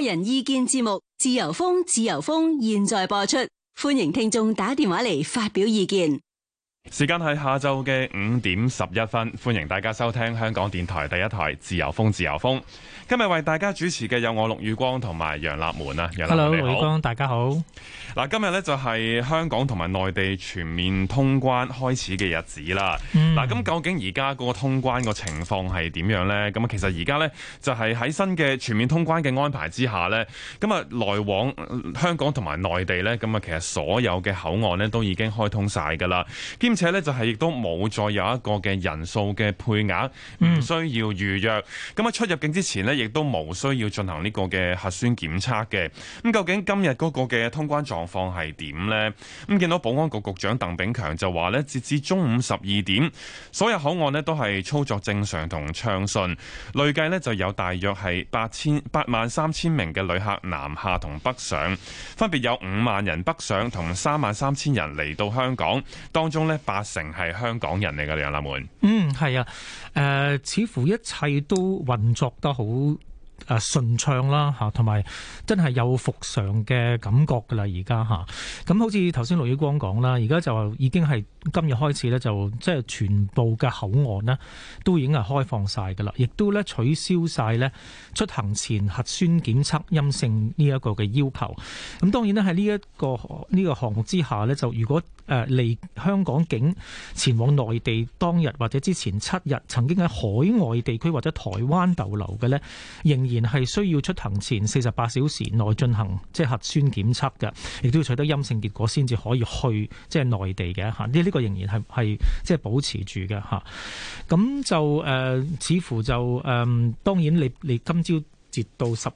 個人意見節目，自由風，自由風，現在播出，歡迎聽眾打電話嚟發表意見。時間係下晝嘅五點十一分，歡迎大家收聽香港電台第一台自由風自由風。今日為大家主持嘅有我陸宇光同埋楊立門啊，楊立門 Hello, 你好，大家好。嗱，今日呢，就係香港同埋內地全面通關開始嘅日子啦。嗱、嗯，咁究竟而家嗰個通關個情況係點樣呢？咁啊，其實而家呢，就係喺新嘅全面通關嘅安排之下呢。咁啊，來往香港同埋內地呢，咁啊，其實所有嘅口岸呢，都已經開通晒噶啦。而且呢就係亦都冇再有一個嘅人數嘅配額，唔需要預約。咁、嗯、啊出入境之前咧，亦都冇需要進行呢個嘅核酸檢測嘅。咁究竟今日個嘅通關狀況係點咧？咁見到保安局局長鄧炳強就話咧，截至中午十二點，所有口岸咧都係操作正常同暢順，累計咧就有大約係八千八萬三千名嘅旅客南下同北上，分別有五萬人北上同三萬三千人嚟到香港，當中咧。八成係香港人嚟嘅洋垃圾。嗯，係啊，誒、呃，似乎一切都運作得好誒、呃、順暢啦，嚇，同埋真係有復常嘅感覺㗎啦，而家吓，咁好似頭先盧曉光講啦，而家就已經係今日開始咧，就即係、就是、全部嘅口岸咧都已經係開放晒㗎啦，亦都咧取消晒咧出行前核酸檢測陰性呢一個嘅要求。咁當然咧喺呢一、這個呢、這個項目之下咧，就如果誒嚟香港境前往內地當日或者之前七日曾經喺海外地區或者台灣逗留嘅咧，仍然係需要出行前四十八小時內進行即係核酸檢測嘅，亦都要取得陰性結果先至可以去即係內地嘅吓呢，呢個仍然係係即係保持住嘅吓，咁就誒、呃、似乎就誒、呃、當然你你今朝接到十二。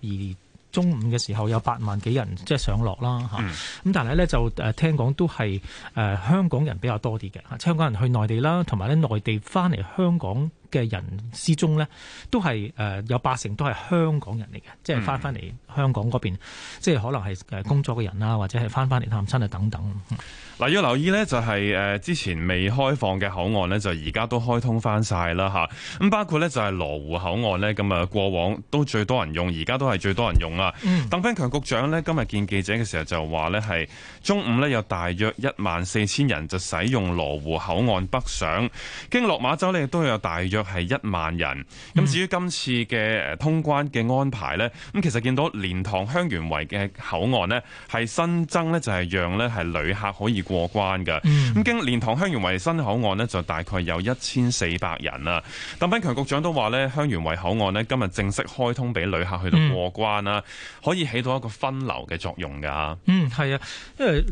中午嘅時候有八萬幾人即係上落啦吓，咁但係咧就誒聽講都係誒香港人比較多啲嘅吓，香港人去內地啦，同埋咧內地翻嚟香港嘅人之中咧，都係誒有八成都係香港人嚟嘅，即係翻翻嚟香港嗰邊，即係可能係誒工作嘅人啦，或者係翻翻嚟探親啊等等。嗱，要留意咧就係誒，之前未開放嘅口岸咧，就而家都開通翻晒啦吓。咁包括咧就係羅湖口岸咧，咁啊過往都最多人用，而家都係最多人用啦。鄧炳強局長咧今日見記者嘅時候就話咧係中午咧有大約一萬四千人就使用羅湖口岸北上，經落馬洲咧亦都有大約係一萬人。咁至於今次嘅誒通關嘅安排咧，咁其實見到蓮塘香園圍嘅口岸咧係新增咧就係讓咧係旅客可以。過關嘅，咁、嗯、經蓮塘香園圍新口岸呢，就大概有一千四百人啦。鄧炳強局長都話呢，香園圍口岸呢，今日正式開通俾旅客去到過關啦，啊嗯，可以起到一個分流嘅作用噶，啊。嗯，係啊，因為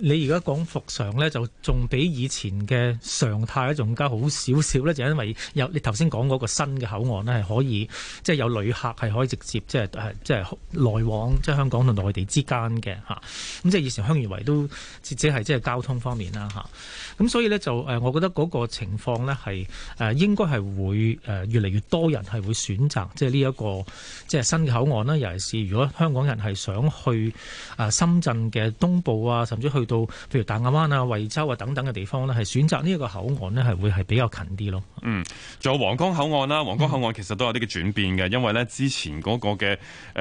你而家講復常呢，就仲比以前嘅常態咧，仲加好少少呢就是，因為有你頭先講嗰個新嘅口岸呢，係可以即係、就是、有旅客係可以直接即係即係來往即係、就是、香港同內地之間嘅吓。咁即係以前香園圍都只係即係。就是交通方面啦，吓。咁所以咧就我覺得嗰個情況咧係應該係會越嚟越多人係會選擇即係呢一個即係新嘅口岸啦。尤其是如果香港人係想去深圳嘅東部啊，甚至去到譬如大亞灣啊、惠州啊等等嘅地方咧，係選擇呢一個口岸呢，係會係比較近啲咯。嗯，仲有皇崗口岸啦，皇崗口岸其實都有啲嘅轉變嘅、嗯，因為呢之前嗰個嘅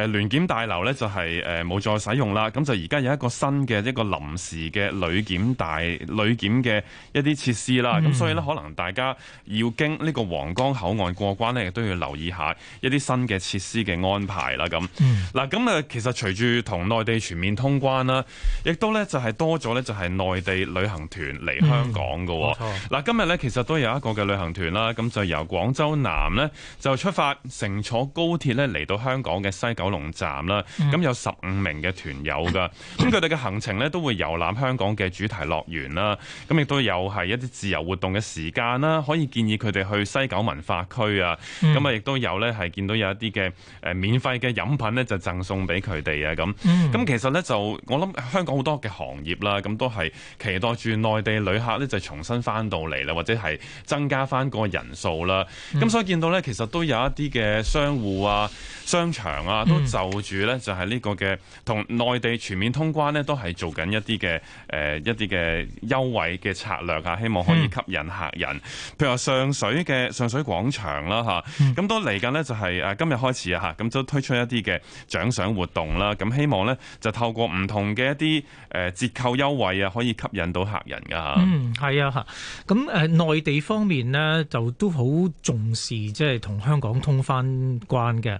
聯檢大樓呢，就係冇再使用啦。咁就而家有一個新嘅一個臨時嘅旅檢大旅檢嘅。一啲設施啦，咁所以咧，可能大家要經呢個皇崗口岸過關呢，亦都要留意一下一啲新嘅設施嘅安排啦。咁，嗱，咁啊，其實隨住同內地全面通關啦，亦都呢就係多咗呢，就係內地旅行團嚟香港喎。嗱、嗯，今日呢，其實都有一個嘅旅行團啦，咁就由廣州南呢就出發，乘坐高鐵呢嚟到香港嘅西九龍站啦。咁、嗯、有十五名嘅團友噶，咁佢哋嘅行程呢，都會遊覽香港嘅主題樂園啦。咁亦～都有係一啲自由活動嘅時間啦，可以建議佢哋去西九文化區啊。咁、嗯、啊，亦都有咧係見到有一啲嘅誒免費嘅飲品咧，就贈送俾佢哋啊。咁咁其實咧就我諗香港好多嘅行業啦，咁都係期待住內地旅客咧就重新翻到嚟啦，或者係增加翻個人數啦。咁、嗯、所以見到咧，其實都有一啲嘅商戶啊、商場啊，都就住咧就係呢個嘅同內地全面通關咧，都係做緊一啲嘅誒一啲嘅優惠嘅。策略啊，希望可以吸引客人。嗯、譬如話上水嘅上水廣場啦，吓、嗯，咁都嚟緊咧，就係誒今日開始啊，吓，咁都推出一啲嘅獎賞活動啦。咁希望咧就透過唔同嘅一啲誒折扣優惠啊，可以吸引到客人噶吓，嗯，係啊，吓，咁誒內地方面咧，就都好重視即係同香港通翻關嘅。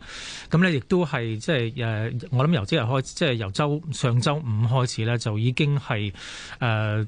咁咧亦都係即係誒我諗由即日開始，即係由周上周五開始咧，就已經係誒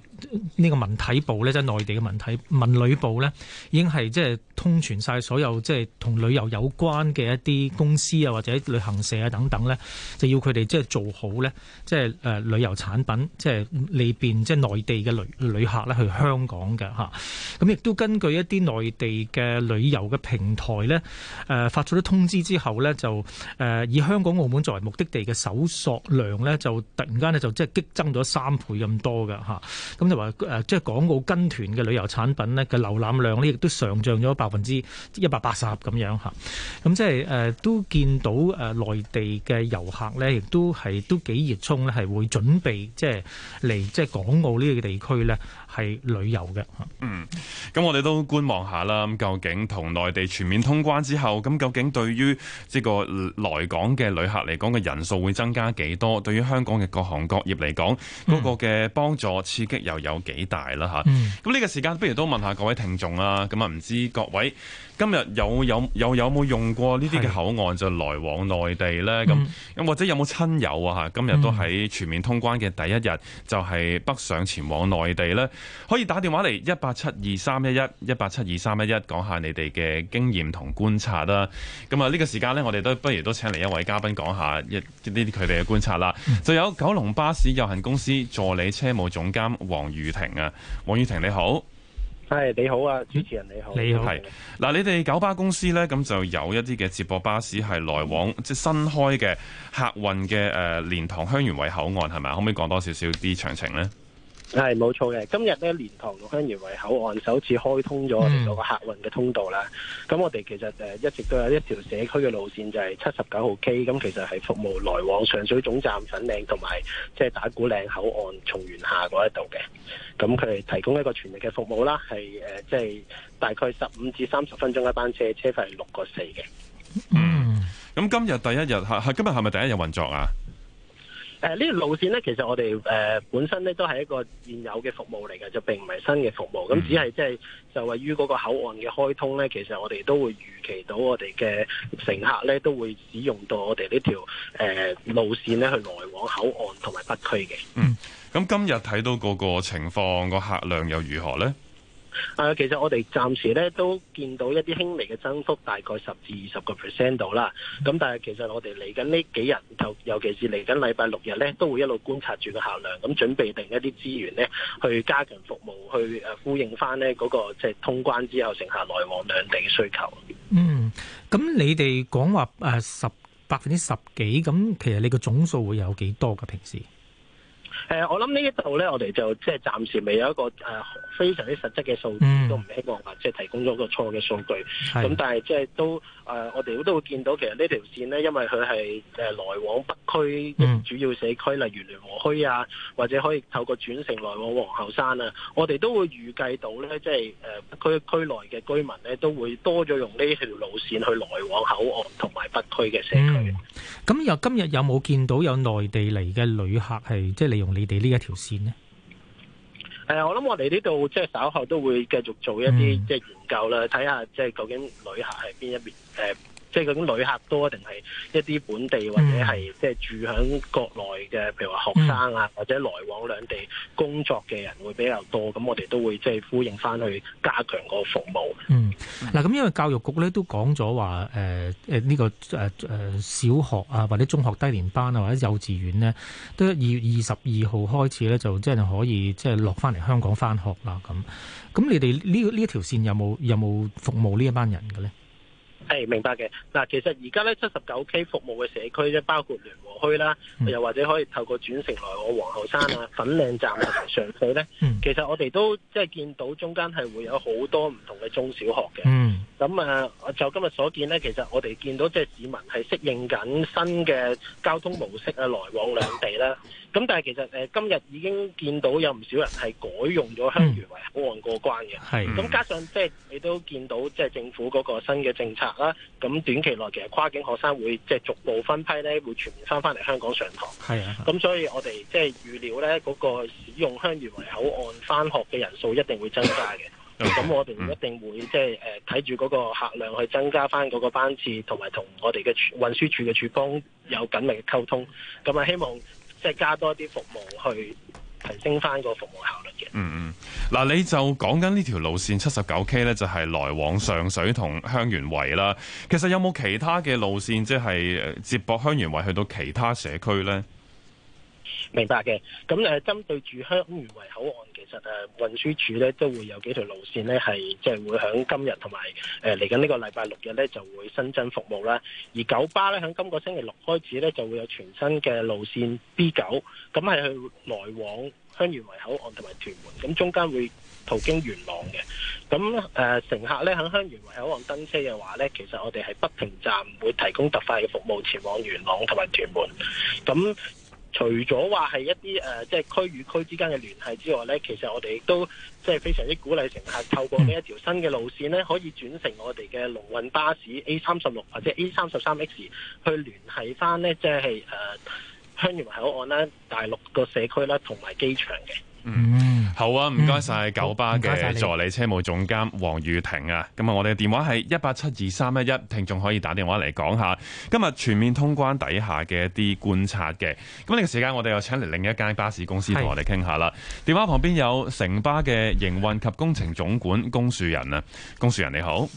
呢個問。體部呢，即係內地嘅文體，文旅部呢，已經係即係通傳晒所有即係同旅遊有關嘅一啲公司啊或者旅行社啊等等呢，就要佢哋即係做好呢，即係誒旅遊產品，即係裏邊即係內地嘅旅旅客呢去香港嘅吓。咁亦都根據一啲內地嘅旅遊嘅平台呢，誒、呃、發出咗通知之後呢，就誒、呃、以香港、澳門作為目的地嘅搜索量呢，就突然間呢，就即係激增咗三倍咁多嘅吓。咁就話誒即係。港澳跟團嘅旅遊產品呢嘅瀏覽量呢，亦都上漲咗百分之一百八十咁樣嚇，咁即係誒都見到誒內地嘅遊客呢，亦都係都幾熱衷呢，係會準備即係嚟即係港澳呢個地區呢。係旅遊嘅，嗯，咁我哋都觀望下啦。咁究竟同內地全面通關之後，咁究竟對於呢個來港嘅旅客嚟講嘅人數會增加幾多？對於香港嘅各行各業嚟講，嗰個嘅幫助刺激又有幾大啦？吓、嗯，咁呢個時間不如都問下各位聽眾啦。咁啊，唔知各位。今日有有有有冇用過呢啲嘅口岸就來往內地呢？咁咁或者有冇親友啊？吓，今日都喺全面通關嘅第一日，就係、是、北上前往內地呢。可以打電話嚟一八七二三一一一八七二三一一，講下你哋嘅經驗同觀察啦。咁啊，呢個時間呢，我哋都不如都請嚟一位嘉賓講下一呢啲佢哋嘅觀察啦。就有九龍巴士有限公司助理車務總監黃裕庭啊，黃裕庭你好。係你好啊，主持人你好。你好，係嗱，你哋九巴公司呢，咁就有一啲嘅接駁巴士係來往即係新開嘅客運嘅誒蓮塘香園圍口岸係咪？可唔可以講多少少啲詳情呢？係冇錯嘅，今日咧蓮塘香園圍口岸首次開通咗我哋嗰個客運嘅通道啦。咁、嗯、我哋其實誒一直都有一條社區嘅路線，就係七十九號 K，咁其實係服務來往上水總站粉嶺同埋即係打鼓嶺口岸松園下嗰一度嘅。咁佢提供一個全力嘅服務啦，係誒即係大概十五至三十分鐘一班車，車費係六個四嘅。嗯，咁今日第一日，吓吓今日係咪第一日運作啊？誒，呢條路線呢，其實我哋誒本身呢都係一個現有嘅服務嚟嘅，就並唔係新嘅服務，咁只係即係就位於嗰個口岸嘅開通呢，其實我哋都會預期到我哋嘅乘客呢都會使用到我哋呢條誒路線呢去來往口岸同埋北區嘅。嗯，咁今日睇到嗰個情況，個客量又如何呢？啊、呃，其實我哋暫時咧都見到一啲輕微嘅增幅，大概十至二十個 percent 到啦。咁但係其實我哋嚟緊呢幾日，就尤其是嚟緊禮拜六日咧，都會一路觀察住個客量，咁準備定一啲資源咧，去加強服務，去呼應翻咧嗰個即係、就是、通關之後乘客來往兩地嘅需求。嗯，咁你哋講話誒十百分之十幾，咁其實你個總數會有幾多噶？平時？誒、呃，我諗呢一度咧，我哋就即係暫時未有一個誒、呃、非常之實質嘅數字，嗯、都唔希望話即係提供咗個錯嘅數據。咁但係即係都誒、呃，我哋都會見到其實呢條線呢，因為佢係誒來往北區嘅主要社區，例如聯和墟啊，或者可以透過轉乘來往皇后山啊，我哋都會預計到呢，即係北區區內嘅居民呢，都會多咗用呢條路線去來往口岸同埋北區嘅社區。咁、嗯、又今日有冇見到有內地嚟嘅旅客係即係利用？你哋呢一條線呢？係，我諗我哋呢度即係稍後都會繼續做一啲即係研究啦，睇下即係究竟旅客係邊一邊誒，即係嗰種旅客多定係一啲本地或者係即係住喺國內嘅，譬如話學生啊，或者來往兩地工作嘅人會比較多。咁我哋都會即係呼應翻去加強個服務。嗯，嗱，咁因為教育局咧都講咗話，誒誒呢個誒誒小學啊或者中學低年班啊或者幼稚園咧，都二月二十二號開始咧就即係可以即係落翻嚟香港翻學啦。咁，咁你哋呢個呢一條線有冇有冇服務呢一班人嘅咧？係，明白嘅。嗱，其實而家咧七十九 K 服務嘅社區咧，包括聯和區啦，又或者可以透過轉乘來往皇后山啊、 粉嶺站啊、上水咧，其實我哋都即係見到中間係會有好多唔同嘅中小學嘅。咁誒， 就今日所見咧，其實我哋見到即係市民係適應緊新嘅交通模式啊，來往兩地啦。咁、嗯、但係其實、呃、今日已經見到有唔少人係改用咗香園圍口岸過關嘅，咁、嗯、加上即係你都見到即係政府嗰個新嘅政策啦，咁短期內其實跨境學生會即係逐步分批咧，會全面翻翻嚟香港上堂，咁、啊、所以我哋即係預料咧嗰、嗰個使用香園圍口岸翻學嘅人數一定會增加嘅，咁 我哋一定會即係睇住嗰個客量去增加翻嗰個班次，同埋同我哋嘅運輸處嘅處方有緊密嘅溝通，咁啊希望。即係加多啲服務去提升翻個服務效率嘅。嗯嗯，嗱，你就講緊呢條路線七十九 K 呢就係來往上水同香園圍啦。其實有冇其他嘅路線，即係接駁香園圍去到其他社區呢？明白嘅，咁、啊、針對住香園圍口岸，其實誒、啊、運輸署咧都會有幾條路線咧，係即係會喺今日同埋誒嚟緊呢個禮拜六日咧，就會新增服務啦。而九巴咧喺今個星期六開始咧，就會有全新嘅路線 B 九，咁係去來往香園圍口岸同埋屯門，咁中間會途經元朗嘅。咁誒、啊、乘客咧喺香園圍口岸登車嘅話咧，其實我哋係不停站會提供特快嘅服務前往元朗同埋屯門，咁。除咗話係一啲誒，即、呃、係、就是、區與區之間嘅聯繫之外呢，其實我哋亦都即係、就是、非常之鼓勵乘客透過呢一條新嘅路線呢，可以轉乘我哋嘅龍運巴士 A 三十六或者 A 三十三 X 去聯繫翻呢，即係誒香園圍口岸啦、大陸個社區啦同埋機場嘅。嗯，好啊，唔該晒九巴嘅助理車務總監黃裕庭啊，咁啊，我哋嘅電話係一八七二三一一，聽眾可以打電話嚟，講下今日全面通關底下嘅一啲觀察嘅。咁呢個時間我哋又請嚟另一間巴士公司同我哋傾下啦。電話旁邊有城巴嘅營運及工程總管龔樹人啊，龔樹人你好，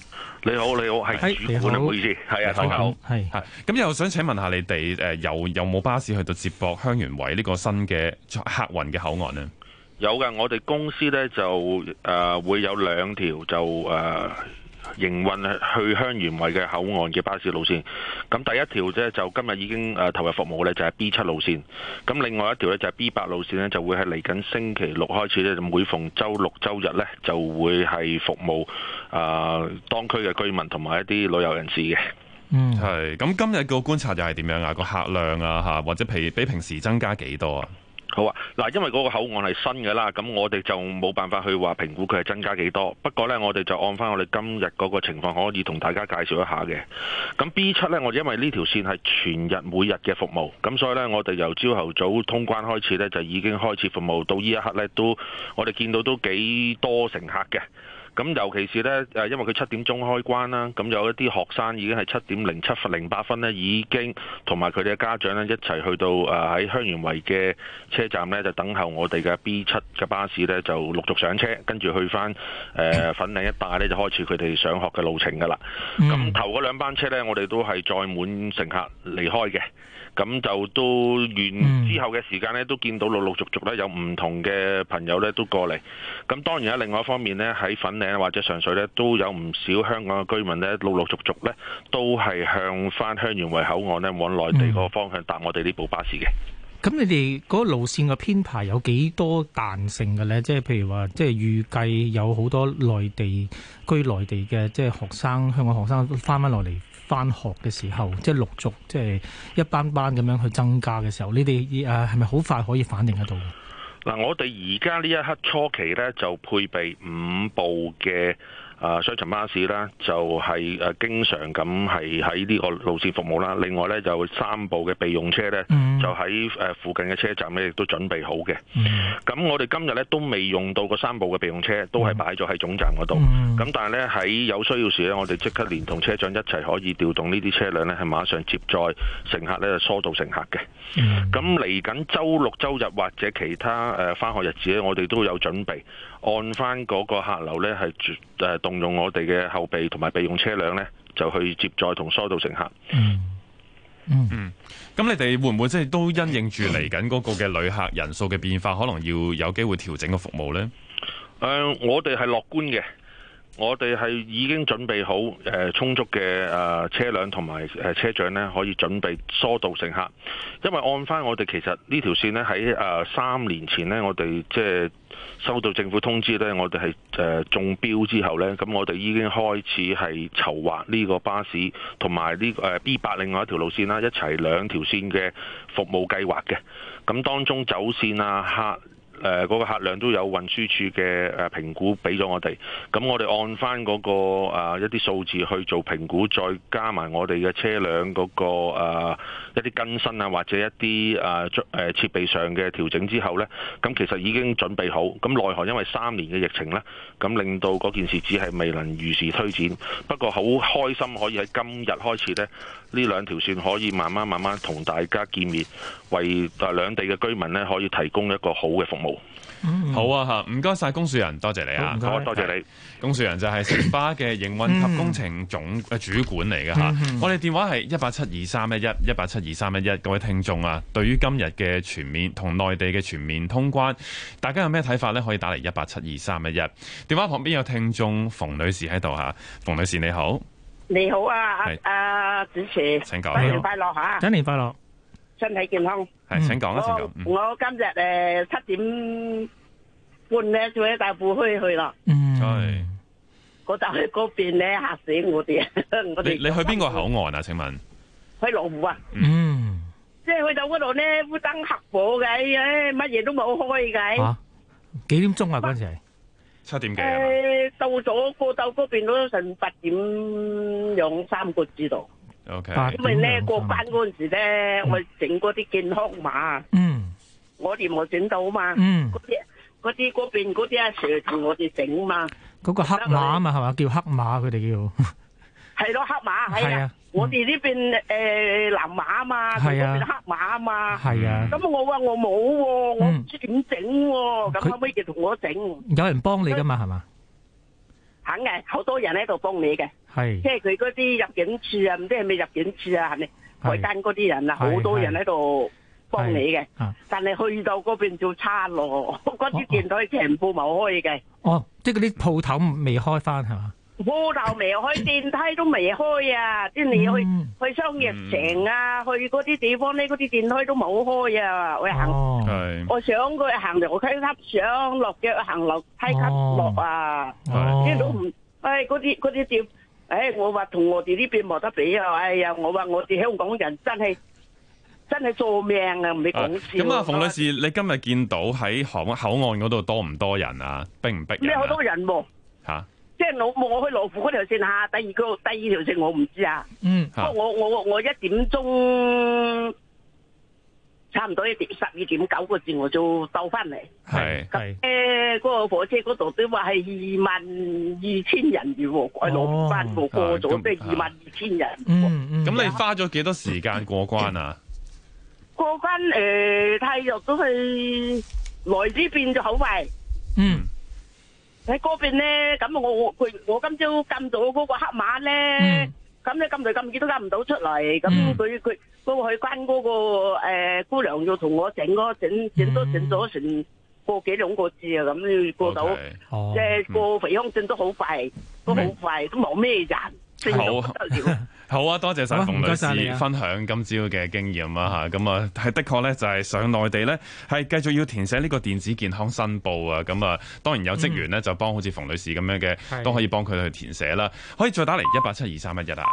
你好你好，係主管唔好意思，係啊，好，係。咁又想請問下你哋誒、呃，有有冇巴士去到接駁香園圍呢個新嘅客運嘅口岸啊？有嘅，我哋公司呢就誒、呃、會有兩條就誒營運去香園圍嘅口岸嘅巴士路線。咁第一條咧，就今日已經誒、呃、投入服務呢，就係 B 七路線。咁另外一條呢，就係 B 八路線呢，就會係嚟緊星期六開始呢，就每逢周六周日呢，就會係服務誒、呃、當區嘅居民同埋一啲旅遊人士嘅。嗯，係。咁今日個觀察就係點樣啊？個客量啊，吓或者平比，比平時增加幾多啊？好啊，嗱，因為嗰個口岸係新嘅啦，咁我哋就冇辦法去話評估佢係增加幾多。不過咧，我哋就按翻我哋今日嗰個情況，可以同大家介紹一下嘅。咁 B 七咧，我哋因為呢條線係全日每日嘅服務，咁所以咧，我哋由朝頭早通關開始咧，就已經開始服務，到呢一刻咧都，我哋見到都幾多乘客嘅。咁尤其是咧，誒，因為佢七點鐘開關啦，咁有一啲學生已經係七點零七分、零八分咧，已經同埋佢哋嘅家長咧一齊去到誒喺、呃、香園圍嘅車站咧，就等候我哋嘅 B 七嘅巴士咧，就陸續上車，跟住去返誒粉嶺一帶咧，就開始佢哋上學嘅路程㗎喇。咁、mm. 頭嗰兩班車咧，我哋都係載滿乘客離開嘅。咁就都完之後嘅時間咧，都見到陸陸續續咧有唔同嘅朋友咧都過嚟。咁當然喺另外一方面咧，喺粉嶺或者上水咧，都有唔少香港嘅居民咧陸陸續續咧都係向翻香園圍口岸咧往內地個方向搭我哋呢部巴士嘅。咁你哋嗰個路線嘅編排有幾多彈性嘅咧？即係譬如話，即係預計有好多內地居內地嘅即係學生，香港學生翻翻落嚟。翻學嘅時候，即係陸續，即係一班班咁樣去增加嘅時候，你哋誒係咪好快可以反應得到？嗱、啊，我哋而家呢一刻初期呢，就配備五部嘅。啊！雙層巴士啦，就係、是、誒、啊、經常咁係喺呢個路線服務啦。另外咧就三部嘅備用車咧、嗯，就喺誒、啊、附近嘅車站咧亦都準備好嘅。咁、嗯、我哋今日咧都未用到嗰三部嘅備用車，都係擺咗喺總站嗰度。咁、嗯、但係咧喺有需要時咧，我哋即刻連同車長一齊可以調動呢啲車輛咧，係馬上接載乘客咧，疏導乘客嘅。咁嚟緊周六周日或者其他誒翻、呃、學日子咧，我哋都有準備按翻嗰個客流咧係誒動。用我哋嘅後備同埋備用車輛呢，就去接載同疏導乘客。嗯嗯咁、嗯嗯、你哋會唔會即係都因應住嚟緊嗰個嘅旅客人數嘅變化，可能要有機會調整個服務呢？誒、呃，我哋係樂觀嘅。我哋係已經準備好誒充足嘅誒車輛同埋誒車長呢，可以準備疏導乘客。因為按翻我哋其實呢條線呢喺誒三年前呢，我哋即係收到政府通知呢，我哋係誒中標之後呢，咁我哋已經開始係籌劃呢個巴士同埋呢誒 B8 另外一條路線啦，一齊兩條線嘅服務計劃嘅。咁當中走線啊客。誒、呃、嗰、那個客量都有運輸處嘅誒評估俾咗我哋，咁我哋按翻、那、嗰個、呃、一啲數字去做評估，再加埋我哋嘅車輛嗰、那個、呃、一啲更新啊，或者一啲啊誒設備上嘅調整之後咧，咁其實已經準備好。咁奈何因為三年嘅疫情咧，咁令到件事只係未能如時推展。不過好開心可以喺今日開始咧，呢兩條線可以慢慢慢慢同大家見面，為兩地嘅居民咧可以提供一個好嘅服務。好啊，啊，吓，唔該晒，龔樹人，多謝，謝你啊，多謝，謝你，龔樹人就係城 巴嘅營運及工程總 主管嚟嘅吓，我哋電話係一八七二三一一一八七二三一一，各位聽眾啊，對於今日嘅全面同內地嘅全面通關，大家有咩睇法呢？可以打嚟一八七二三一一，電話旁邊有聽眾馮女士喺度吓，馮女士你好，你好啊，係啊，主持，請講，新年快樂吓，新年快樂。身體健康，係請講啦，請講。我今日誒七點半咧，就喺大埔墟去咯。嗯，去嗰度去嗰邊咧吓死我哋，我哋你去邊個口岸啊？請問去羅湖啊？嗯，即係去到嗰度咧，烏燈黑火嘅，誒，乜嘢都冇開嘅。幾點鐘啊？嗰陣時七點幾啊？誒，到咗過到嗰邊都成八點兩三個字度。O、okay. K，因為咧過關嗰陣時咧，我整嗰啲健康碼，嗯，我哋冇整到嘛，嗯，嗰啲嗰啲嗰邊嗰啲阿 Sir 同我哋整嘛，嗰、嗰個黑碼啊嘛，係、那、嘛、個，叫黑碼佢哋叫，係 咯黑碼係啊，我哋呢邊誒藍碼啊嘛，係啊，邊黑碼啊嘛，係啊，咁我話我冇、啊嗯，我唔知點整、啊，咁後尾就同我整，有人幫你噶嘛，係嘛。肯嘅，好多人喺度幫你嘅，即係佢嗰啲入境處啊，唔知係咪入境處啊，係咪外灘嗰啲人啊，好多人喺度幫你嘅。但係去到嗰邊就差咯，嗰啲店都全部冇開嘅。哦，即係嗰啲鋪頭未開翻係嘛？鋪頭未開，電梯都未開啊！即係你去去商業城啊，去嗰啲地方咧，嗰啲電梯都冇開啊！我行，我想佢行樓梯級上，落腳行樓梯級落啊！啲都唔，唉，嗰啲嗰啲店，唉，我話同我哋呢邊冇得比啊！哎呀，我話我哋香港人真係真係做命啊！唔你講笑。咁啊，馮女士，你今日見到喺航空口岸嗰度多唔多人啊？逼唔逼？咩好多人喎吓。即係我，我去羅湖嗰條線下第二個第二條線我唔知啊。嗯，不過我我我一點鐘，差唔多一點十二點九個字我就到翻嚟。係，誒、嗯，嗰、呃那個火車嗰度都話係二萬二千人完攞翻過咗，即係二萬二千人。咁、嗯嗯嗯、你花咗幾多時間過關啊？過關誒，太、呃、入都係來之變咗好快。嗯。喺嗰邊咧，咁我我佢我今朝撳到嗰個黑馬咧，咁你咁耐咁久都撳唔到出嚟，咁佢佢都去關嗰個誒姑娘要同我整咯，整整都整咗成個幾兩個字啊，咁去過到即係個肥鄉證都好快，都好快，都冇咩人。好，好啊！多謝晒馮女士分享今朝嘅經驗啊！吓，咁啊係的確咧，就係上內地咧係繼續要填寫呢個電子健康申報啊！咁啊，當然有職員咧就幫好似馮女士咁樣嘅都可以幫佢去填寫啦。可以再打嚟一八七二三一一啊！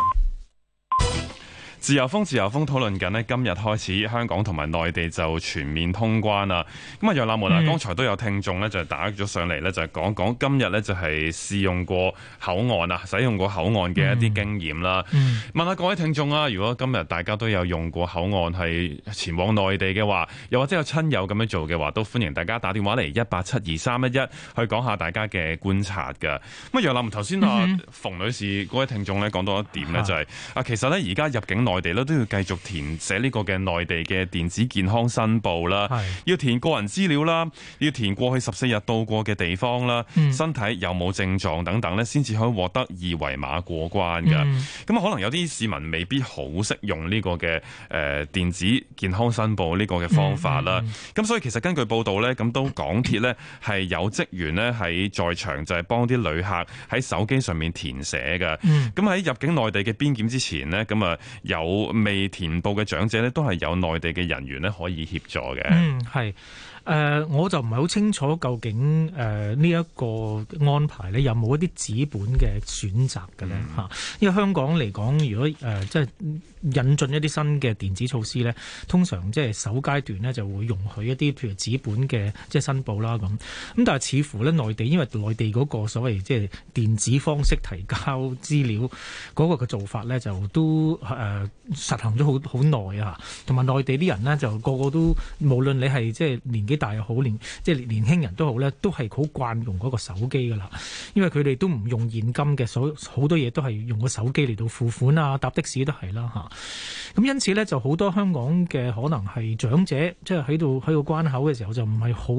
自由風，自由風討論緊咧。今日開始，香港同埋內地就全面通關啦。咁啊，楊立文啊，剛才都有聽眾咧，就打咗上嚟咧，就講講今日咧，就係試用過口岸啊，使用過口岸嘅一啲經驗啦。嗯，問下各位聽眾啊，如果今日大家都有用過口岸係前往內地嘅話，又或者有親友咁樣做嘅話，都歡迎大家打電話嚟一八七二三一一去講下大家嘅觀察噶。咁啊，楊立文頭先啊，馮女士嗰位聽眾咧講到一點呢、就係，就係啊，其實呢，而家入境內內地咧都要繼續填寫呢個嘅內地嘅電子健康申報啦，要填個人資料啦，要填過去十四日到過嘅地方啦、嗯，身體有冇症狀等等咧，先至可以獲得二維碼過關㗎。咁、嗯、啊，可能有啲市民未必好識用呢、呢個嘅誒、呃、電子健康申報呢個嘅方法啦。咁、嗯、所以其實根據報道呢咁都港鐵呢係有職員呢喺在場，就係幫啲旅客喺手機上面填寫嘅。咁、嗯、喺入境內地嘅邊檢之前呢咁啊有未填報嘅長者呢，都係有內地嘅人員呢可以協助嘅。嗯，係，誒、呃，我就唔係好清楚究竟誒呢一個安排有沒有呢，有冇一啲紙本嘅選擇嘅呢？吓，因為香港嚟講，如果誒、呃、即係。引進一啲新嘅電子措施咧，通常即係首階段呢就會容許一啲譬如紙本嘅即係申報啦咁。咁但係似乎咧，內地因為內地嗰個所謂即係電子方式提交資料嗰個嘅做法咧，就都誒、呃、實行咗好好耐啊。同埋內地啲人呢，就個個都無論你係即係年紀大又好，年即係、就是、年輕人都好咧，都係好慣用嗰個手機噶啦。因為佢哋都唔用現金嘅，所好多嘢都係用個手機嚟到付款啊，搭的士都係啦吓咁因此呢，就好多香港嘅可能係長者，即係喺度喺個關口嘅時候就唔係好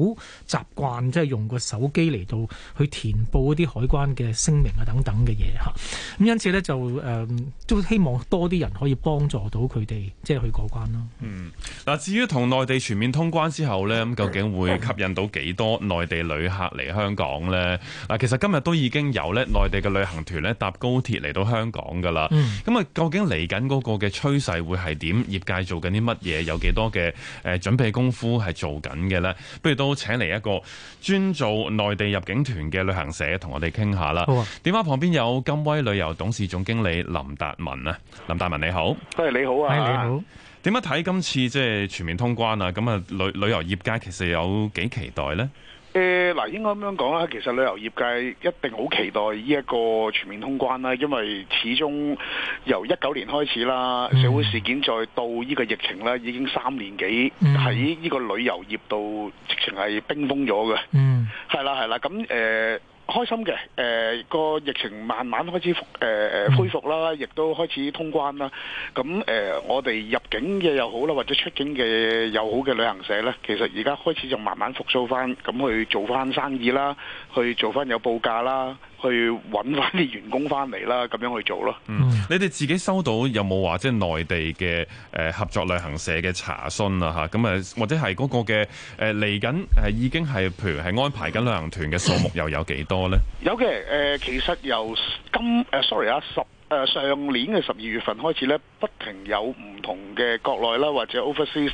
習慣，即係用個手機嚟到去填報一啲海關嘅聲明啊等等嘅嘢吓。咁因此呢，就誒都希望多啲人可以幫助到佢哋，即係去過關咯。嗯，嗱，至於同內地全面通關之後呢，究竟會吸引到幾多內地旅客嚟香港呢？嗱，其實今日都已經有呢內地嘅旅行團呢搭高鐵嚟到香港噶啦。咁啊，究竟嚟緊嗰個？嘅趨勢會係點？業界做緊啲乜嘢？有幾多嘅誒準備功夫係做緊嘅呢？不如都請嚟一個專做內地入境團嘅旅行社同我哋傾下啦。好啊。電話旁邊有金威旅遊董事總經理林達文啊，林達文你好，都係你好啊，你好。點樣睇今次即係全面通關啊？咁啊，旅旅遊業界其實有幾期待呢？誒，嗱，應該咁樣講啦，其實旅遊業界一定好期待呢一個全面通關啦，因為始終由一九年開始啦，mm. 社會事件再到呢個疫情啦，已經三年幾喺呢個旅遊業度直情係冰封咗嘅。嗯、mm.，係啦係啦，咁誒。呃開心嘅，誒、呃、個疫情慢慢開始復誒誒、呃、恢復啦，亦都開始通關啦。咁誒、呃，我哋入境嘅又好啦，或者出境嘅又好嘅旅行社咧，其實而家開始就慢慢復甦翻，咁去做翻生意啦，去做翻有報價啦。去揾翻啲員工翻嚟啦，咁樣去做咯。嗯，你哋自己收到有冇話即係內地嘅誒合作旅行社嘅查詢啊？嚇，咁啊，或者係嗰個嘅誒嚟緊誒已經係譬如係安排緊旅行團嘅數目又有幾多咧？有嘅誒、呃，其實由今誒、呃，sorry 啊十。誒、呃、上年嘅十二月份開始咧，不停有唔同嘅國內啦，或者 Overseas 誒、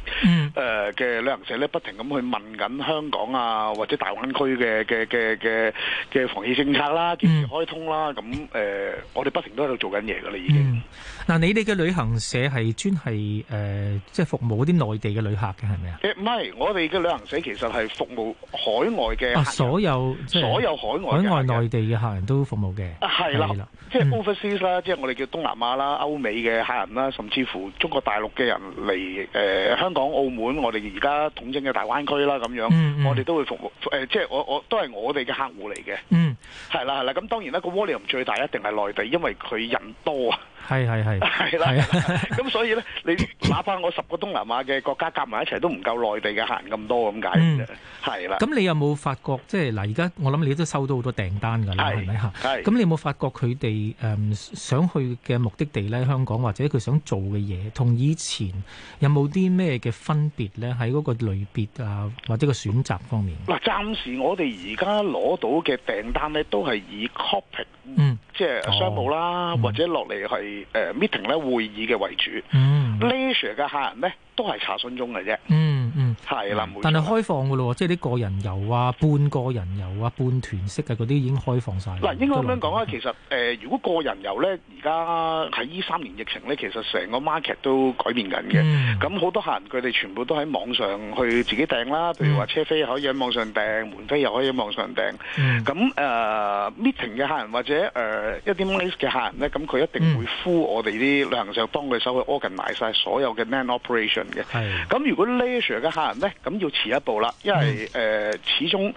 呃、嘅旅行社咧，不停咁去問緊香港啊，或者大灣區嘅嘅嘅嘅嘅防疫政策啦，幾時開通啦？咁、嗯、誒、呃，我哋不停都喺度做緊嘢㗎啦，已經。但你哋嘅旅行社係專係誒即係服務啲內地嘅旅客嘅係咪啊？誒唔係，我哋嘅旅行社其實係服務海外嘅。啊，所有、即係、所有海外的、海外內地嘅客人都服務嘅。啊，係啦、嗯，即係 overseas 啦，即係我哋叫東南亞啦、歐美嘅客人啦，甚至乎中國大陸嘅人嚟誒、呃、香港、澳門我哋而家統稱嘅大灣區啦咁樣。嗯、嗯，我哋都會服務誒、呃、即係我我都係我哋嘅客戶嚟嘅。嗯，係啦係啦，咁當然啦，個 volume 最大一定係內地，因為佢人多啊。係係係。係啦，係啊，咁所以咧，你哪怕我十個東南亞嘅國家夾埋一齊都唔夠內地嘅行咁多咁解啫。係、嗯、啦，咁你有冇發覺？即係嗱？而家我諗你都收到好多訂單㗎啦，係咪吓？咁你有冇發覺佢哋誒想去嘅目的地咧？香港或者佢想做嘅嘢，同以前有冇啲咩嘅分別咧？喺嗰個類別啊，或者個選擇方面？嗱、嗯，暫時我哋而家攞到嘅訂單咧，都係以 copy，即係商務啦，或者落嚟係誒 meet。停咧，會議嘅為主，leisure，嗯嗯，嘅客人咧。都係查詢中嘅啫。嗯嗯，係啦，但係開放嘅咯，即係啲個人遊啊、半個人遊啊、半團式啊嗰啲已經開放晒。嗱，應該咁樣講啊。其實、呃、如果個人遊咧，而家喺依三年疫情咧，其實成個 market 都改變緊嘅。咁、嗯、好多客人佢哋全部都喺網上去自己訂啦。譬、嗯、如話車飛可以喺網上訂，門飛又可以喺網上訂。咁、嗯、誒、呃、meeting 嘅客人或者誒一啲 list 嘅客人咧，咁佢一定會呼、嗯、我哋啲旅行社幫佢手去 organize 埋晒所有嘅 man operation。嘅，咁、嗯、如果 leisure 嘅客人咧，咁要遲一步啦，因為誒、呃、始終誒、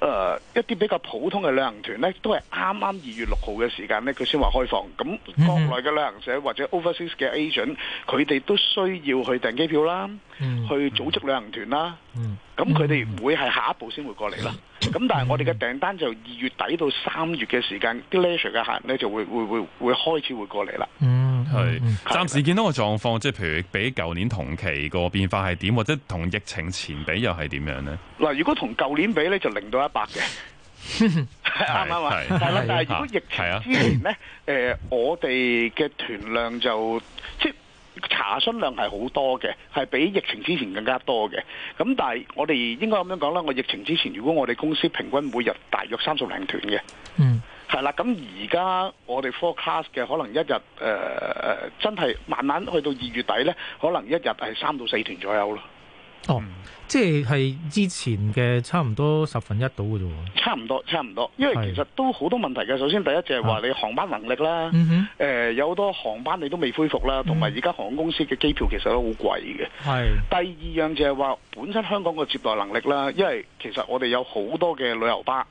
呃、一啲比較普通嘅旅行團咧，都係啱啱二月六號嘅時間咧，佢先話開放，咁國內嘅旅行社或者 overseas 嘅 agent，佢哋都需要去訂機票啦。去組織旅行團啦，咁佢哋會係下一步先會過嚟啦。咁、嗯、但係我哋嘅訂單就二月底到三月嘅時間 deleter 嘅客咧就會、嗯、就會會會開始會過嚟啦。嗯，係、嗯、暫時見到個狀況，即係譬如比舊年同期個變化係點，或者同疫情前比又係點樣呢？嗱，如果同舊年比咧就零到一百嘅，啱啱啊？ 對吧 但係如果疫情之前咧，誒、 呃，我哋嘅團量就即係。就是查詢量係好多嘅，係比疫情之前更加多嘅。咁但係我哋應該咁樣講啦，我疫情之前如果我哋公司平均每日大約三十零團嘅，嗯，係啦。咁而家我哋 forecast 嘅可能一日、呃、真係慢慢去到二月底咧，可能一日係三到四團左右咯。哦，即係之前嘅差唔多十分一度嘅啫，差唔多，差唔多，因為其實都好多問題嘅。首先，第一就係話你航班能力啦，誒、啊呃，有好多航班你都未恢復啦，同埋而家航空公司嘅機票其實都好貴嘅。係，第二樣就係話本身香港嘅接待能力啦，因為其實我哋有好多嘅旅遊巴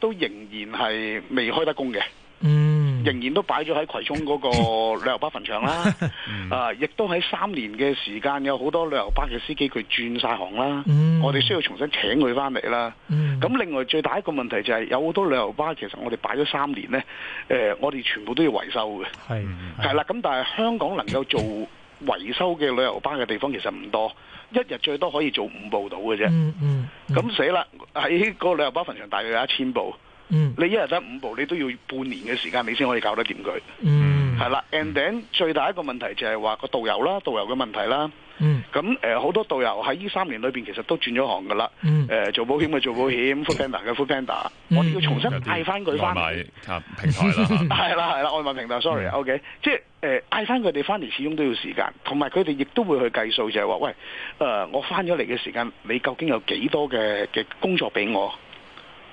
都仍然係未開得工嘅。嗯。仍然都擺咗喺葵涌嗰個旅遊巴墳場啦， 啊，亦都喺三年嘅時間有好多旅遊巴嘅司機佢轉晒行啦、嗯，我哋需要重新請佢翻嚟啦。咁、嗯、另外最大一個問題就係、是、有好多旅遊巴其實我哋擺咗三年呢、呃，我哋全部都要維修嘅，係係啦。咁但係香港能夠做維修嘅旅遊巴嘅地方其實唔多，一日最多可以做五部到嘅啫。咁死啦，喺、嗯、個旅遊巴墳場大約有一千部。嗯、mm.，你一日得五步，你都要半年嘅時間，你先可以搞得掂佢。嗯、mm.，係啦，ending 最大一個問題就係話個導遊啦，導遊嘅問題啦。Mm. 嗯，咁誒好多導遊喺呢三年裏邊，其實都轉咗行噶啦。嗯、mm. 呃，誒做保險嘅做保險，Foodpanda 嘅 Foodpanda 我哋要重新嗌翻佢翻。係嘛，平台啦，係啦係啦，外賣平台。Sorry，OK，、mm. okay、即係誒嗌翻佢哋翻嚟，就是呃、始終都要時間。同埋佢哋亦都會去計數，就係、是、話喂，誒、呃、我翻咗嚟嘅時間，你究竟有幾多嘅嘅工作俾我？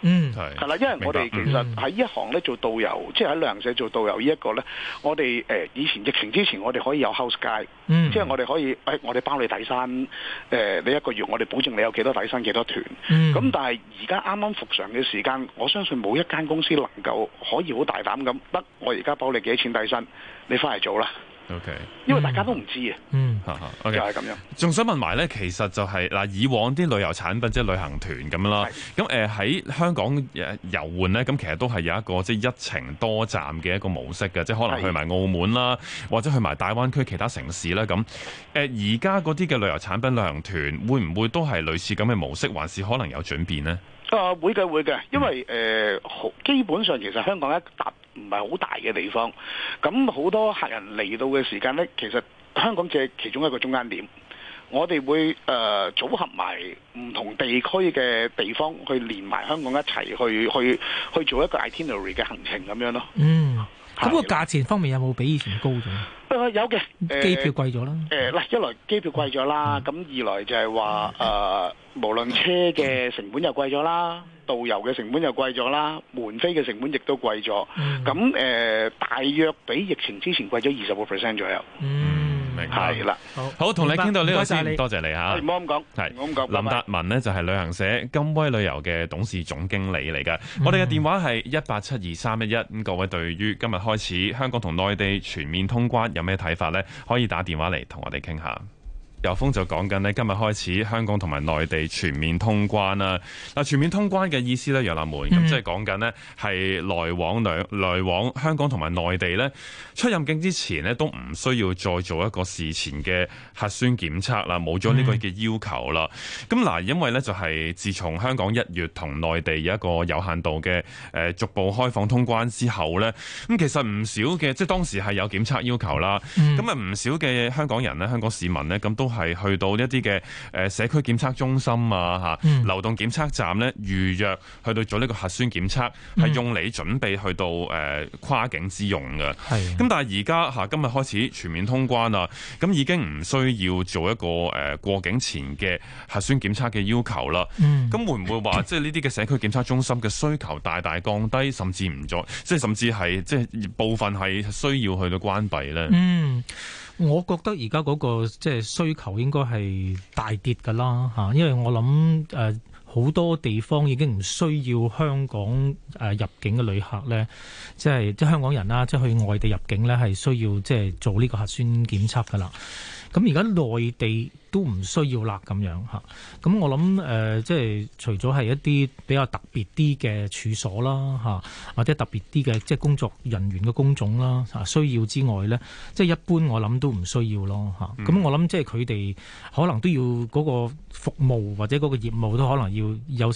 嗯係係啦，因為我哋其實喺呢一行咧做導遊、嗯，即係喺旅行社做導遊呢一個咧，我哋誒、呃、以前疫情之前，我哋可以有 house guy，、嗯、即係我哋可以，誒、哎、我哋包你底薪，誒、呃、你一個月我哋保證你有幾多底薪，幾多團，咁、嗯、但係而家啱啱復常嘅時間，我相信冇一間公司能夠可以好大膽咁，得我而家包你幾多錢底薪，你翻嚟做啦。OK，因為大家都唔知啊，嗯，就係咁樣。仲、okay、想問埋咧，其實就係、是、嗱，以往啲旅遊產品即係旅行團咁啦，咁誒喺香港遊玩咧，咁其實都係有一個即係一程多站嘅一個模式嘅，即係可能去埋澳門啦，或者去埋大灣區其他城市啦，咁誒而家嗰啲嘅旅遊產品旅行團會唔會都係類似咁嘅模式，還是可能有轉變呢？啊，會嘅會嘅，因為誒、呃，基本上其實香港是一笪唔係好大嘅地方，咁好多客人嚟到嘅時間呢，其實香港只係其中一個中間點，我哋會誒、呃、組合埋唔同地區嘅地方去連埋香港一齊去去去，去做一個 itinerary 嘅行程咁樣咯。嗯。咁、那個價錢方面有冇比以前高咗、啊？有嘅，機、呃、票貴咗啦。誒，嗱，一來機票貴咗啦，咁二來就係話誒，無論車嘅成本又貴咗啦，導遊嘅成本又貴咗啦，門飛嘅成本亦都貴咗。咁、嗯、誒、呃，大約比疫情之前貴咗二十個 percent 左右。嗯係啦，好，好，同你傾到呢個先，多謝你嚇。唔好咁講，係，林達文呢就係、是、旅行社金威旅遊嘅董事總經理嚟㗎，嗯。我哋嘅電話係一八七二三一一。咁各位對於今日開始香港同內地全面通關有咩睇法呢？可以打電話嚟同我哋傾下。有風就講緊呢，今日開始香港同埋內地全面通關啦！嗱，全面通關嘅意思呢，楊立門咁、mm -hmm. 即係講緊呢係來往兩來往香港同埋內地呢，出入境之前呢，都唔需要再做一個事前嘅核酸檢測啦，冇咗呢個嘅要求啦。咁嗱，因為呢就係自從香港一月同內地有一個有限度嘅誒逐步開放通關之後呢，咁其實唔少嘅即係當時係有檢測要求啦。咁啊唔少嘅香港人呢，香港市民呢，咁都。係去到一啲嘅誒社區檢測中心啊，吓、嗯、流動檢測站咧，預約去到做呢個核酸檢測，係、嗯、用嚟準備去到誒跨境之用嘅。係咁，但係而家吓今日開始全面通關啦，咁已經唔需要做一個誒過境前嘅核酸檢測嘅要求啦。咁、嗯、會唔會話即係呢啲嘅社區檢測中心嘅需求大大降低，甚至唔再，即係甚至係即係部分係需要去到關閉咧？嗯。我覺得而家嗰個即係需求應該係大跌噶啦嚇，因為我諗誒好多地方已經唔需要香港誒入境嘅旅客咧，即係即係香港人啦，即係去外地入境咧係需要即係做呢個核酸檢測噶啦。咁而家內地，都唔需要啦，咁樣吓。咁我諗誒、呃，即係除咗係一啲比較特別啲嘅處所啦，吓或者特別啲嘅即係工作人員嘅工種啦，吓需要之外咧，即係一般我諗都唔需要咯，吓、嗯。咁我諗即係佢哋可能都要嗰個服務或者嗰個業務都可能要有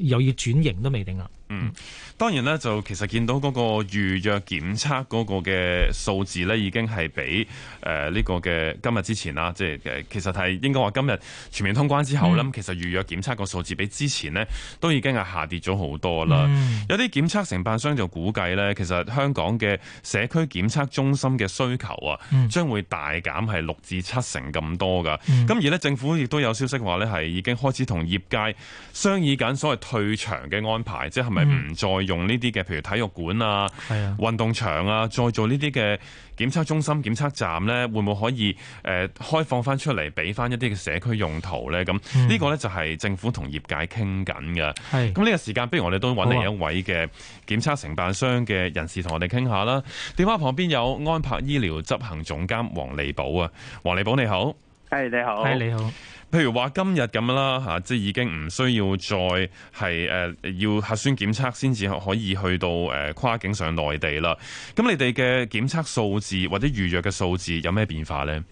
又要轉型都未定啊嗯，嗯，當然咧就其實見到嗰個預約檢測嗰個嘅數字咧，已經係比誒呢、呃這個嘅今日之前啦，即係誒其實。係應該話今日全面通關之後啦、嗯，其實預約檢測個數字比之前呢都已經係下跌咗好多啦、嗯。有啲檢測承辦商就估計呢，其實香港嘅社區檢測中心嘅需求啊，將會大減係六至七成咁多噶。咁、嗯、而呢，政府亦都有消息話呢係已經開始同業界商議緊所謂退場嘅安排，嗯、即係咪唔再用呢啲嘅，譬如體育館啊、嗯、運動場啊，再做呢啲嘅。檢測中心檢測站咧，會唔會可以誒開放翻出嚟，俾翻一啲嘅社區用途呢？咁呢個呢，就係政府同業界傾緊嘅。係咁呢個時間，不如我哋都揾另一位嘅檢測承辦商嘅人士同我哋傾下啦。電話旁邊有安柏醫療執行總監黃利寶啊，黃利寶你好，係你好，係你好。譬如話今日咁啦嚇，即係已經唔需要再係誒要核酸檢測先至可以去到誒跨境上內地啦。咁你哋嘅檢測數字或者預約嘅數字有咩變化呢？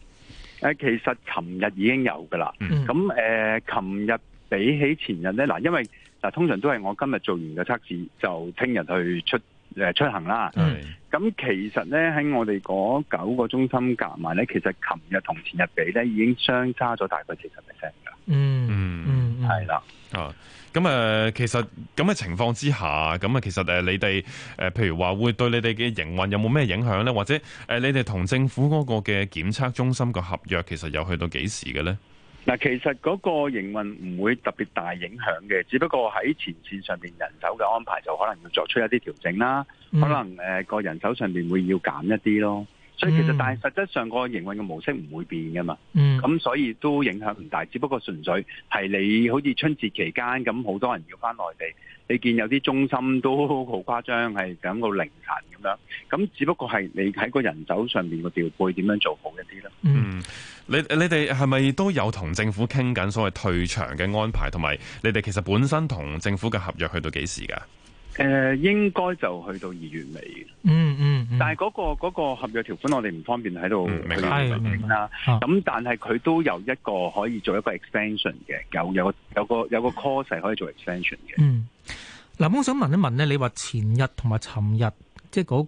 誒，其實琴日已經有噶啦。咁、嗯、誒，呃、琴日比起前日呢，嗱，因為嗱通常都係我今日做完嘅測試就聽日去出。誒，出行啦，咁、嗯、其實咧，喺我哋嗰九個中心夾埋咧，其實琴日同前日比咧，已經相差咗大概四十 percent 噶。嗯嗯，係、嗯、啦。哦、嗯，咁、啊、誒，其實咁嘅情況之下，咁啊，其實誒、呃，你哋誒、呃，譬如話會對你哋嘅營運有冇咩影響咧？或者誒、呃，你哋同政府嗰個嘅檢測中心個合約，其實有去到幾時嘅咧？嗱，其實嗰個營運唔會特別大影響嘅，只不過喺前線上邊人手嘅安排就可能要作出一啲調整啦、嗯，可能誒個、呃、人手上邊會要減一啲咯。所以其實，嗯、但係實質上個營運嘅模式唔會變㗎嘛。咁、嗯、所以都影響唔大，只不過純粹係你好似春節期間咁，好多人要返內地。你見有啲中心都好誇張，係等到凌晨咁樣。咁只不過係你喺個人走上面個調配點樣做好一啲啦。嗯，你你哋係咪都有同政府傾緊所謂退場嘅安排？同埋你哋其實本身同政府嘅合約去到幾時㗎？誒、呃，應該就去到二月尾。嗯嗯，嗯，但係、那、嗰個嗰、那個、合約條款，我哋唔方便喺度、嗯、明啦。咁、啊、但係佢都有一個可以做一個 extension 嘅，有有個有個有個 course 係可以做 extension 嘅。嗯。嗱，我想問一問咧，你話前日同埋尋日，即係嗰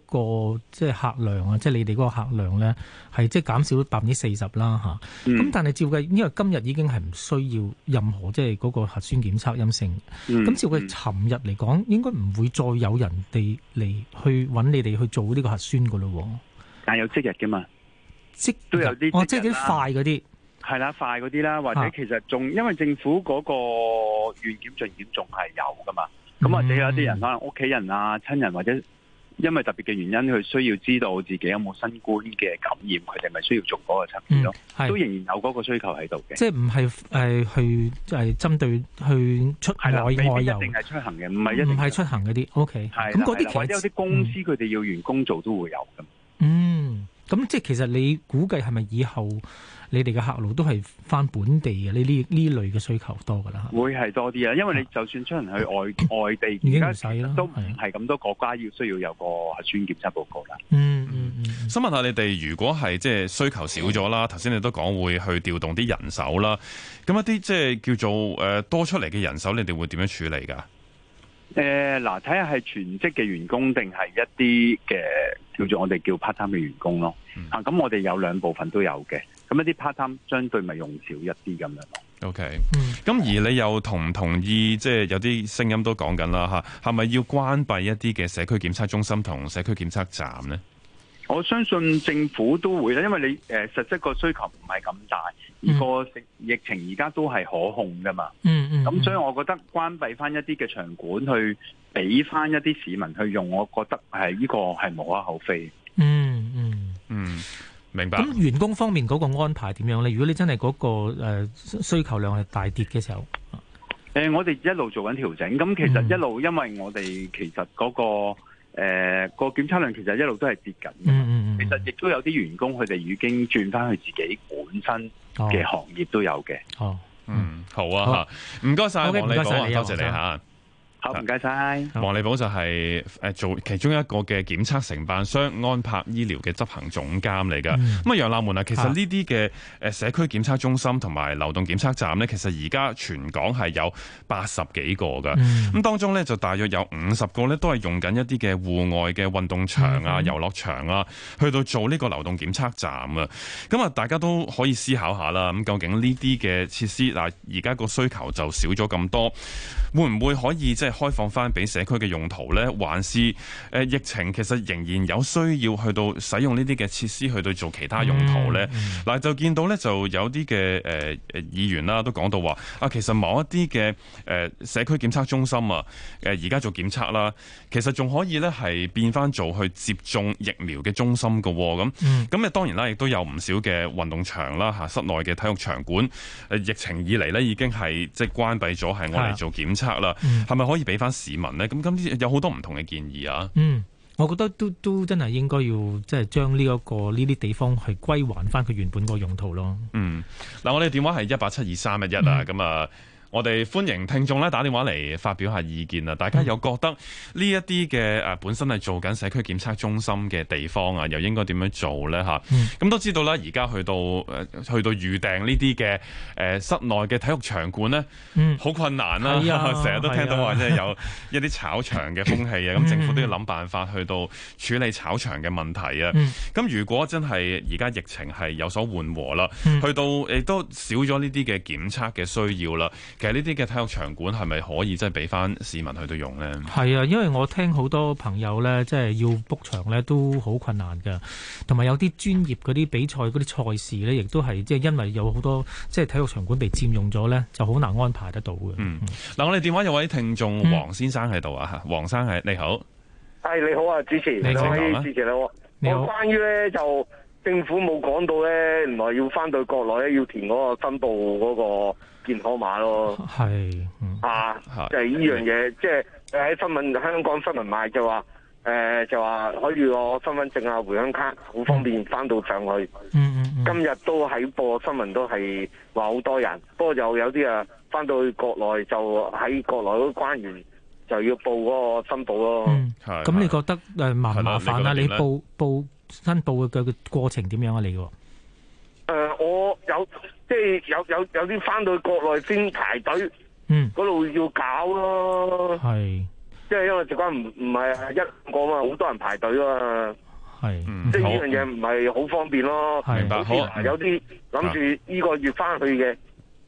個即係客量啊，即係你哋嗰個客量咧，係即係減少咗百分之四十啦吓，咁、嗯、但係照計，因為今日已經係唔需要任何即係嗰個核酸檢測陰性，咁、嗯、照計尋日嚟講，應該唔會再有人哋嚟去揾你哋去做呢個核酸噶咯。但有即日嘅嘛？即都有啲哦，即係啲快嗰啲係啦，快嗰啲啦，或者其實仲、啊、因為政府嗰個願檢盡檢仲係有噶嘛。咁、嗯、或者有啲人可能屋企人啊、親人或者因為特別嘅原因，佢需要知道自己有冇新冠嘅感染，佢哋咪需要做嗰個測試咯。都仍然有嗰個需求喺度嘅。即係唔係誒去誒針對去出外遊，唔係出行嗰啲。O K。咁嗰啲其實都有啲公司佢哋要員工做都會有嘅。嗯，咁即係其實你估計係咪以後？你哋嘅客路都係翻本地嘅，呢呢呢類嘅需求多噶啦，會係多啲啊！因為你就算出人去外、嗯、外地，而家都唔係咁多國家要需要有個核酸檢測報告啦。嗯嗯嗯，想問下你哋，如果係即係需求少咗啦，頭、嗯、先你都講會去調動啲人手啦，咁一啲即係叫做誒多出嚟嘅人手，你哋會點樣處理噶？誒、呃，嗱，睇下係全職嘅員工定係一啲嘅叫做我哋叫 part time 嘅員工咯、嗯。啊，咁我哋有兩部分都有嘅。咁一啲 part time 相對咪用少一啲咁樣。OK，嗯，咁而你又同唔同意？即係有啲聲音都講緊啦，吓，係咪要關閉一啲嘅社區檢測中心同社區檢測站咧？我相信政府都會咧，因為你誒實質個需求唔係咁大，呢個疫情而家都係可控噶嘛。嗯嗯，嗯。咁所以，我覺得關閉翻一啲嘅場館，去俾翻一啲市民去用，我覺得係呢個係無可厚非。嗯嗯嗯。明白。咁員工方面嗰個安排點樣咧？如果你真係嗰個需求量係大跌嘅時候，誒我哋一路做緊調整。咁其實一路因為我哋其實嗰、那個誒個、呃、檢測量其實一路都係跌緊嘅。嗯嗯。其實亦都有啲員工佢哋已經轉翻去自己本身嘅、哦、行業都有嘅。哦。嗯，好啊嚇。唔該晒。黃利寶啊，多、okay, 謝，謝你嚇。謝謝你一下好唔該晒，黃利寶就係誒做其中一個嘅檢測承辦商、嗯、安柏醫療嘅執行總監嚟噶。咁啊楊立門啊，其實呢啲嘅誒社區檢測中心同埋流動檢測站咧，其實而家全港係有八十幾個噶。咁，嗯、當中咧就大約有五十個咧，都係用緊一啲嘅戶外嘅運動場啊、嗯、遊樂場啊，去到做呢個流動檢測站啊。咁，嗯、啊，大家都可以思考下啦。咁究竟呢啲嘅設施嗱，而家個需求就少咗咁多，會唔會可以即係？開放翻俾社區嘅用途呢？還是誒疫情其實仍然有需要去到使用呢啲嘅設施去到做其他用途呢？嗱、嗯嗯，就見到呢就有啲嘅誒誒議員啦，都講到話啊，其實某一啲嘅誒社區檢測中心啊，誒而家做檢測啦，其實仲可以呢係變翻做去接種疫苗嘅中心噶、啊。咁咁誒當然啦，亦都有唔少嘅運動場啦，嚇室內嘅體育場館。誒、啊、疫情以嚟呢已經係即係關閉咗，係我哋做檢測啦。係、嗯、咪可以？俾翻市民咧，咁今次有好多唔同嘅建議啊。嗯，我覺得都都真係應該要即係將呢一個呢啲地方去歸還翻佢原本個用途咯。嗯，嗱，我哋電話係一八七二三一一啊，咁啊。我哋歡迎聽眾咧打電話嚟發表下意見啊！大家有覺得呢一啲嘅誒，本身係做緊社區檢測中心嘅地方啊，又應該點樣做咧？吓、嗯，咁都知道啦，而家去到誒去到預訂呢啲嘅誒室內嘅體育場館咧，好、嗯、困難啦，成日、啊、都聽到話即係有一啲炒場嘅風氣啊！咁 政府都要諗辦法去到處理炒場嘅問題啊！咁、嗯、如果真係而家疫情係有所緩和啦、嗯，去到亦都少咗呢啲嘅檢測嘅需要啦。其實呢啲嘅體育場館係咪可以真係俾翻市民去到用咧？係啊，因為我聽好多朋友咧，即係要 book 場咧都好困難噶，同埋有啲專業嗰啲比賽嗰啲賽事咧，亦都係即係因為有好多即係體育場館被佔用咗咧，就好難安排得到嘅。嗯，嗱，我哋電話有位聽眾黃先生喺度啊，吓、嗯，黃生係，你好，係你好啊，主持，你好，主持你好，啊、你好。我關於咧就政府冇講到咧，原來要翻到國內咧要填嗰個申報嗰、那個。健康碼咯，係、嗯、啊，就係呢樣嘢，即係喺新聞香港新聞賣就話，誒、呃、就話可以攞身份證啊回鄉卡好方便翻到上去。嗯嗯嗯、今日都喺播新聞都係話好多人，不過就有啲啊翻到去國內就喺國內嗰個關員就要報嗰個申報咯。咁、嗯、你覺得誒、呃、麻麻煩啊？你報報,報申報嘅個過程點樣啊？你？誒，我有。即係有有有啲翻到國內先排隊，嗯，嗰度要搞咯、啊，係，即係因為直關唔唔係一個嘛，好多人排隊啊係，即係呢樣嘢唔係好方便咯、啊嗯嗯，有啲諗住呢個月翻去嘅，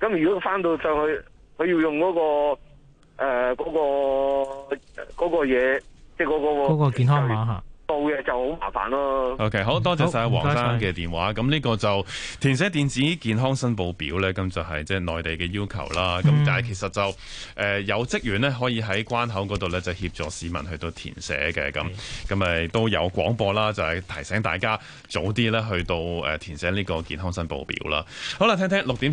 咁、嗯、如果翻到上去，佢要用嗰、嗰個誒嗰、呃嗰個、嗰個嘢，即係嗰個、嗰個健康碼。報嘅就好麻煩咯。OK，好多謝晒，黃生嘅電話。咁呢個就填寫電子健康申報表咧，咁就係即係內地嘅要求啦。咁、嗯、但係其實就誒有職員咧可以喺關口嗰度咧就協助市民去到填寫嘅。咁咁咪都有廣播啦，就係、是、提醒大家早啲咧去到誒填寫呢個健康申報表啦。好啦，聽聽六點前。